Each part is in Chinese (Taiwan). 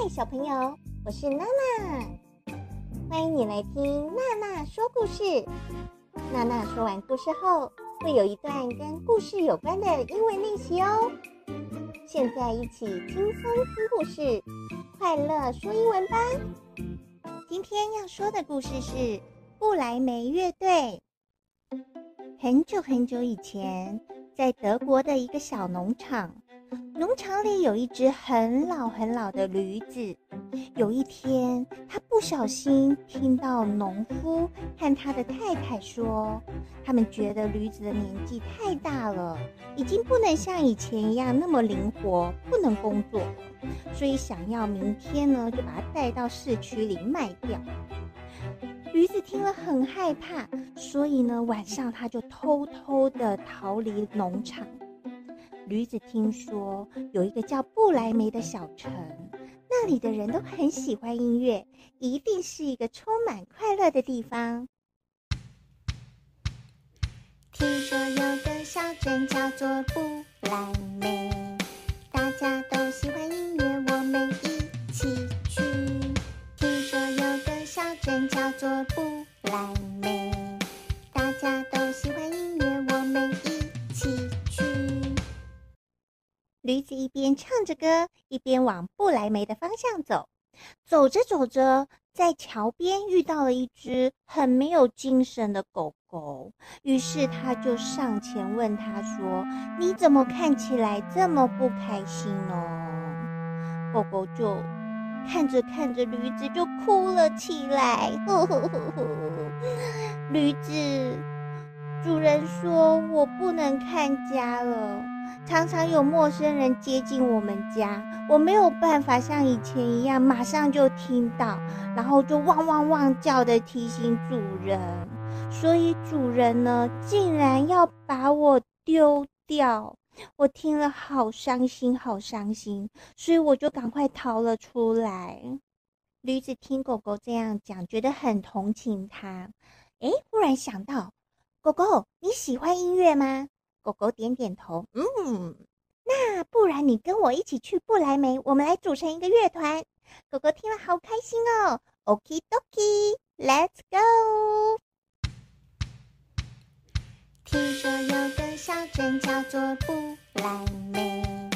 嗨，Hi, 小朋友，我是娜娜，歡迎你來聽娜娜說故事。娜娜說完故事後，會有一段跟故事有關的英文練習哦。現在一起輕鬆聽故事，快樂說英文吧。今天要說的故事是布萊梅樂隊。很久很久以前，在德國的一個小農場。農場裡有一隻很老很老的驢子。有一天，他不小心聽到農夫和他的太太說，他們覺得驢子的年紀太大了，已經不能像以前一樣那麼靈活，不能工作，所以想要明天呢就把它帶到市區裡賣掉。驢子聽了很害怕，所以呢晚上他就偷偷地逃離農場。驢子聽說有一個叫布萊梅的小城，那裡的人都很喜歡音樂，一定是一個充滿快樂的地方。聽說有個小鎮叫做布萊梅，大家都喜歡音樂，我們一起去。聽說有個小鎮叫做布萊梅，大家都喜歡。驢子一邊唱着歌，一邊往布萊梅的方向走。走着走着，在橋邊遇到了一隻很沒有精神的狗狗。於是他就上前問他說：“你怎麼看起來這麼不開心呢？”狗狗就看着看着，驢子就哭了起來。呵呵呵呵。驢子主人說：“我不能看家了。”常常有陌生人接近我們家，我沒有辦法像以前一樣馬上就聽到，然後就汪汪汪叫的提醒主人，所以主人呢竟然，要把我丟掉，我聽了好傷心，好傷心，所以我就趕快逃了出來。驢子聽狗狗這樣講，覺得很同情它。誒，忽然想到，狗狗你喜歡音樂嗎？狗狗點點頭，嗯，那不然你跟我一起去布萊梅，我們來組成一個樂團。狗狗聽了好開心哦，Okey dokey, Let's go。聽說有個小鎮叫做布萊梅，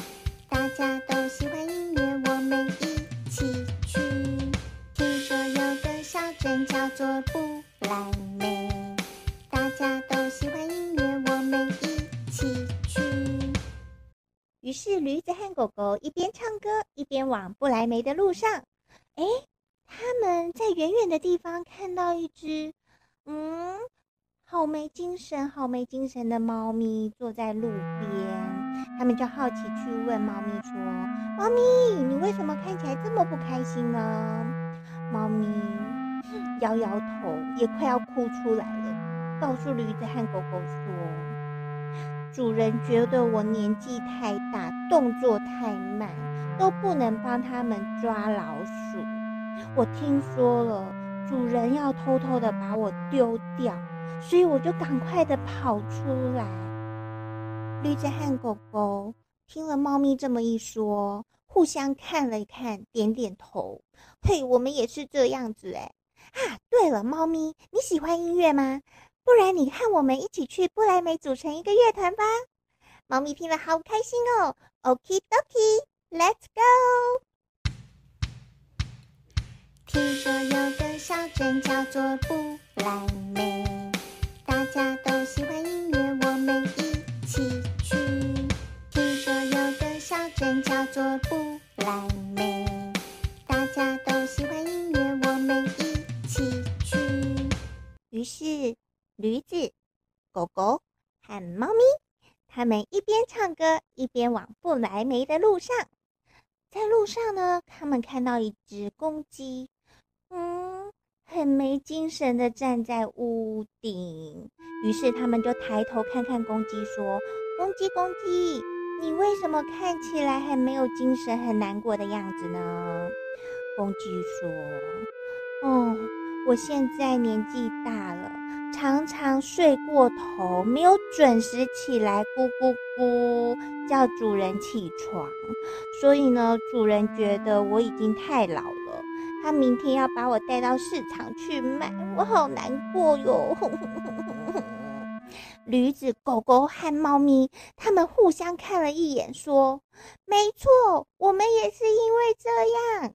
大家都喜歡音樂，我們一起去。聽說有個小鎮叫做布萊梅。於是，驢子和狗狗一邊唱歌，一邊往布萊梅的路上、欸。哎，他們在遠遠的地方看到一隻，嗯，好沒精神、好沒精神的貓咪坐在路邊。他們就好奇去問貓咪說：“貓咪，你為什麼看起來這麼不開心呢、啊？”貓咪搖搖頭，也快要哭出來了，告訴驢子和狗狗說。主人覺得我年紀太大，動作太慢，都不能幫他們抓老鼠。我聽說了，主人要偷偷的把我丟掉，所以我就趕快的跑出來。驢子和狗狗聽了貓咪這麼一說，互相看了一看，點點頭。嘿，我們也是這樣子哎。啊，對了，貓咪，你喜歡音樂嗎？不然你和我們一起去布萊梅組成一個樂團吧！貓咪聽了好開心哦，Okey Dokey, Let's go。聽說有個小鎮叫做布萊梅，大家都喜歡音樂，我們一起去。聽說有個小鎮叫做布萊梅。驢子、狗狗和貓咪，他們一邊唱歌一邊往布萊梅的路上。在路上呢，他們看到一隻公雞，嗯，很沒精神的站在屋頂。於是他們就抬頭看看公雞，說：“公雞，公雞，你為什麼看起來還沒有精神，很難過的樣子呢？”公雞說：“哦、嗯，我現在年紀大了。”常常睡過頭，沒有準時起來，咕咕咕叫主人起床。所以呢，主人覺得我已經太老了，他明天要把我帶到市場去賣。我好難過喲。驢 子、狗狗和貓咪，他們互相看了一眼，說：“沒錯，我們也是因為這樣。”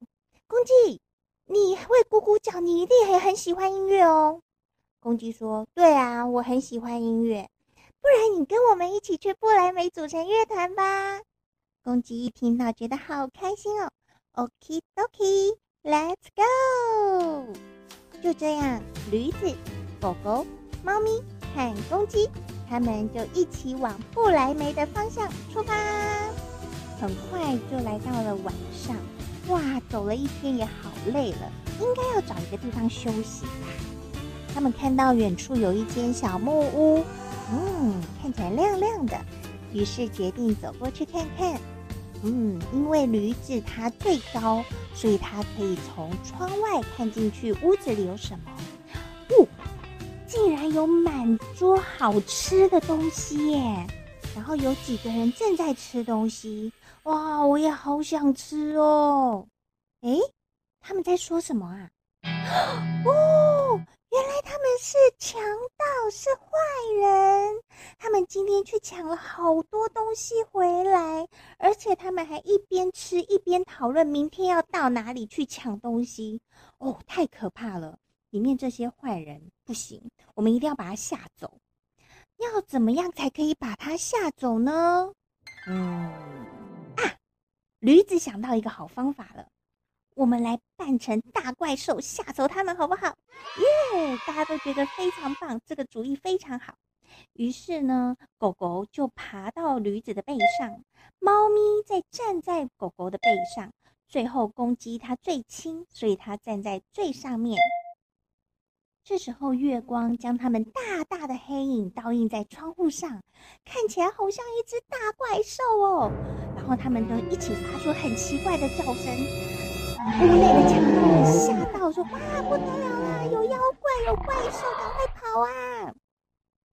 公雞，你會咕咕叫，你一定也很喜歡音樂哦。公雞說：“對啊，我很喜歡音樂，不然你跟我們一起去布萊梅組成樂團吧。”公雞一聽到，覺得好開心哦。Okey Dokey, let's go。就這樣，驢子、狗狗、貓咪和公雞，他們就一起往布萊梅的方向出發。很快就來到了晚上，哇，走了一天也好累了，應該要找一個地方休息吧。他們看到遠處有一間小木屋，嗯，看起來亮亮的，於是決定走過去看看。嗯，因為驢子它最高，所以它可以從窗外看進去屋子裡有什麼。哇、哦，竟然有滿桌好吃的東西耶！然後有幾個人正在吃東西，哇，我也好想吃哦。哎，他們在說什麼啊？哦。是強盜，是壞人。他們今天去搶了好多東西回來，而且他們還一邊吃一邊討論明天要到哪裡去搶東西。哦，太可怕了！裡面這些壞人不行，我們一定要把他嚇走。要怎麼樣才可以把他嚇走呢？嗯，啊，驢子想到一個好方法了。我們來扮成大怪獸嚇走他們，好不好？耶、yeah！大家都覺得非常棒，這個主意非常好。於是呢，狗狗就爬到驢子的背上，貓咪再站在狗狗的背上，最後公雞它最輕，所以它站在最上面。這時候月光將它們大大的黑影倒映在窗戶上，看起來好像一隻大怪獸哦。然後他們都一起發出很奇怪的叫聲。屋內的強盜們嚇到，說：“哇，不得了啦、啊，有妖怪，有怪獸，趕快跑啊！”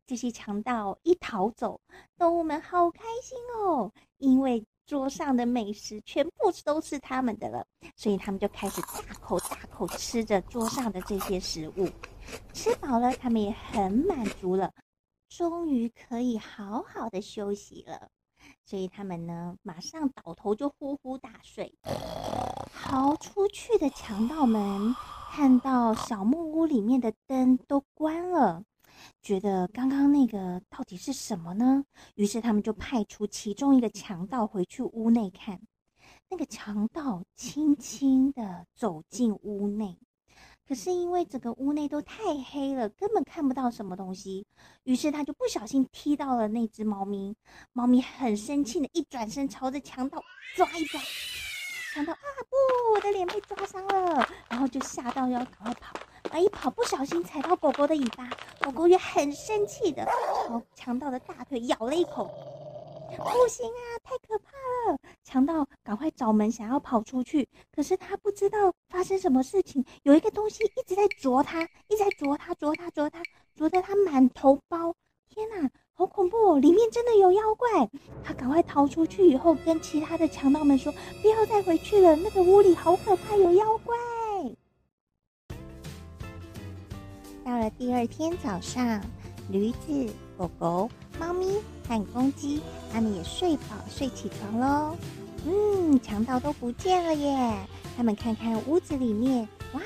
這些強盜一逃走，動物們好開心哦，因為桌上的美食全部都是他們的了，所以他們就開始大口大口吃着桌上的這些食物。吃飽了，他們也很滿足了，終於可以好好的休息了。所以他們呢，馬上倒頭就呼呼大睡。逃出去的強盜們看到小木屋裡面的燈都關了，覺得剛剛那個到底是什麼呢？於是他們就派出其中一個強盜回去屋內看。那個強盜輕輕的走進屋內。可是因為整個屋內都太黑了，根本看不到什麼東西，於是他就不小心踢到了那隻貓咪。貓咪很生氣的一轉身，朝着強盜抓一抓。強盜啊，不，我的臉被抓傷了，然後就嚇到要趕快跑。而一跑，不小心踩到狗狗的尾巴，狗狗也很生氣的朝強盜的大腿咬了一口。不、哦、行啊，太可怕了！強盜趕快找門，想要跑出去，可是他不知道發生什麼事情，有一個東西一直在啄他，一直在啄他，啄他，啄他，啄得他滿頭包！天哪、啊，好恐怖、哦！裡面真的有妖怪！他趕快逃出去以後，跟其他的強盜們說，不要再回去了，那個屋裡好可怕，有妖怪！到了第二天早上，驢子、狗狗、貓咪。看公雞，他們也睡飽睡起床嘍。嗯，強盜都不見了耶！他們看看屋子裡面，哇，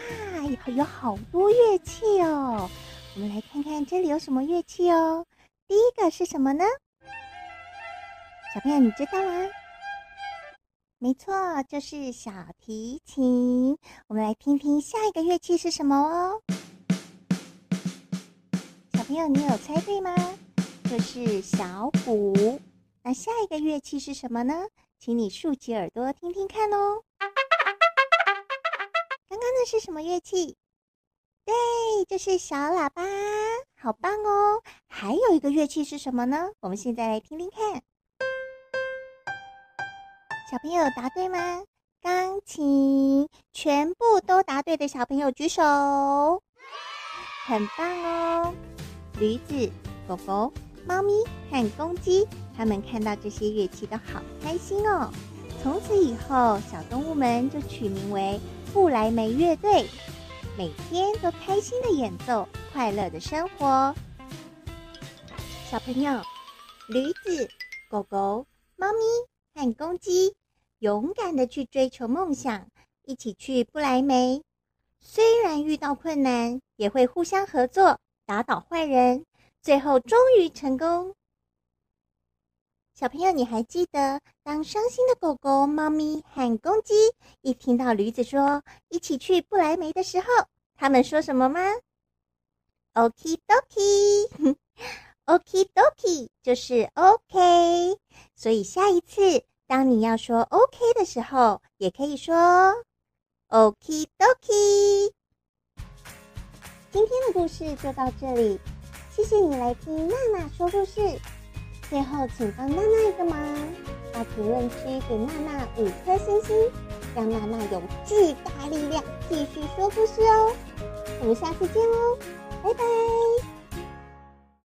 有，有好多樂器哦。我們來看看這裡有什麼樂器哦。第一個是什麼呢？小朋友，你知道嗎？沒錯，就是小提琴。我們來聽聽下一個樂器是什麼哦。小朋友，你有猜對嗎？就是小鼓。那下一個樂器是什麼呢？請你豎起耳朵聽聽看哦。剛剛的是什麼樂器？對，就是小喇叭，好棒哦！還有一個樂器是什麼呢？我們現在來聽聽看。小朋友答對嗎？鋼琴。全部都答對的小朋友舉手。很棒哦！驢子，狗狗。貓咪、和公雞，他們看到這些樂器都好開心哦。從此以後，小動物們就取名為布萊梅樂隊，每天都開心的演奏，快樂的生活。小朋友，驢子、狗狗、貓咪和公雞，勇敢的去追求夢想，一起去布萊梅。雖然遇到困難，也會互相合作，打倒壞人。最後終於成功。小朋友，你還記得當傷心的狗狗、貓咪和公雞一聽到驢子說一起去布萊梅的時候，他們說什麼嗎？Okey Dokey，Okey Dokey，就是 OK。所以下一次當你要說 OK 的時候，也可以說 Okey Dokey。今天的故事就到這裡。謝謝你來聽娜娜說故事。最後，請幫娜娜一個忙，在評論區給娜娜五顆星星，讓娜娜有巨大力量繼續說故事哦。我們下次見哦，拜拜。